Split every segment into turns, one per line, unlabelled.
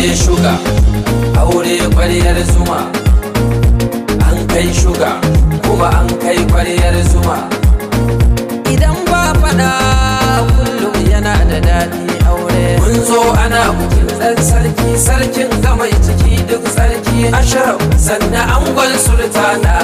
kai shuga aure kwaryar zuma an kai shuga kuma an kai kwaryar zuma idan ba fada kullum yana da daɗi aure mun zo ana bukin ɗan sarki sarkin gamai ciki duk sarki asharaf sannan angon sultana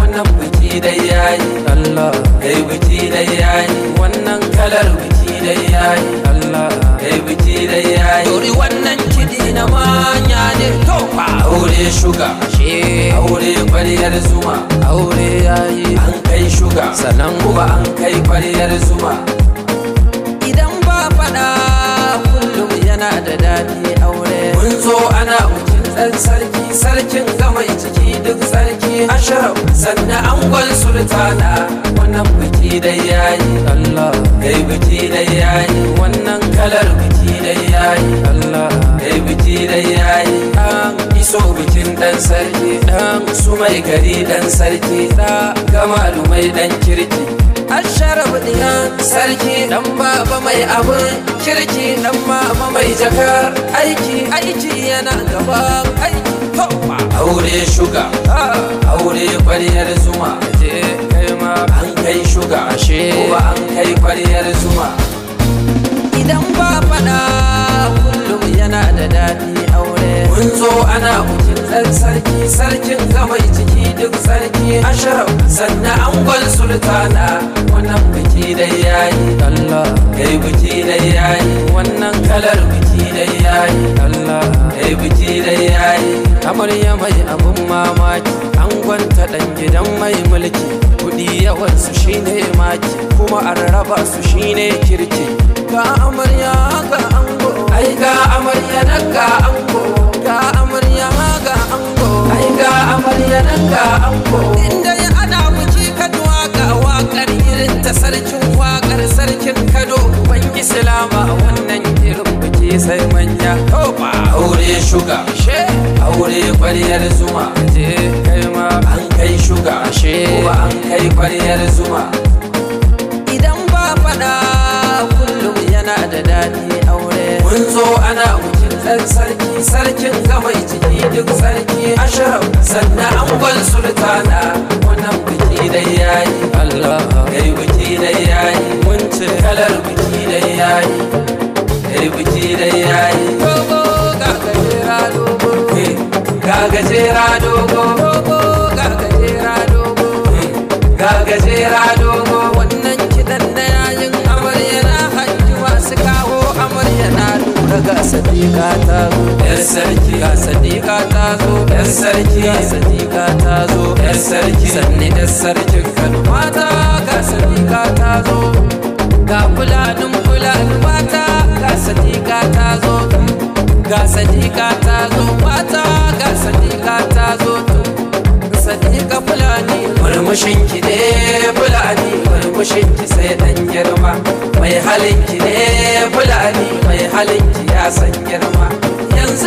wannan biki dai yayi Allah kai biki dai yayi wannan kalar biki dai yayi Allah kai biki da yayi Dori wannan kidi na manya ne to aure shuga she aure fariyar zuma aure yayi an kai shuga sanan kuma an kai fariyar zuma idan ba fada kullum yana da dadi aure mun zo ana bikin dan sarki sarkin gamai ciki duk sarki ashraf sannan angon sultana wannan biki da yayi Allah kai biki dai yayi wannan kalar biki dai yayi Allah kai biki dai yayi dan iso bikin dan sarki dan su mai gari dan sarki da ga mai dan kirki Asharaf diya sarki dan baba mai abun kirki dan mama mai jakar aiki aiki yana gaba aiki aure shuga ah. aure kwaryar zuma je kai ma an shuga ashe kuma an kai kwaryar zuma idan ba fada kullum yana da daɗi aure mun zo ana bukin ɗan sarki sarkin gamai ciki duk sarki asharaf sannan angon sultana wannan biki dai yayi Allah kai biki dai yayi wannan kalar biki dai yayi Allah kai biki dai yayi amarya mai abin mamaki angon ta ɗan gidan mai mulki su shine maki kuma an raba su shine kirki ga amarya ga ango ai ga amarya na ga ango ga amarya ga ango ai ga amarya na ga ango inda ya ada muke kaduwa ga wakar irin ta sarkin wakar sarkin kado ban islama wannan irin biki sai manya toba aure shuga aure kwaryar zuma je kwaryar zuma idan ba faɗa kullum yana da daɗi aure mun zo ana bikin ɗan sarki sarkin gamai ciki duk sarki ashirin sannan angon sultana wannan biki da yayi Allah kai biki da yayi mun ce kalar biki dai yayi kai biki da yayi dogo ga gajera dogo eh, ga gajera dogo ga gajera dogo wannan kiɗan na yayin amarya na hajji masu kawo amarya yana lura ga sadiqa ta zo yan sarki ga sadiqa ta zo yan sarki ga sadiqa ta zo yan sarki sanni da sarkin kano mata ga sadiqa ta zo kushin ki sai dan girma mai halin ki ne fulani mai halin ki ya san girma yanzu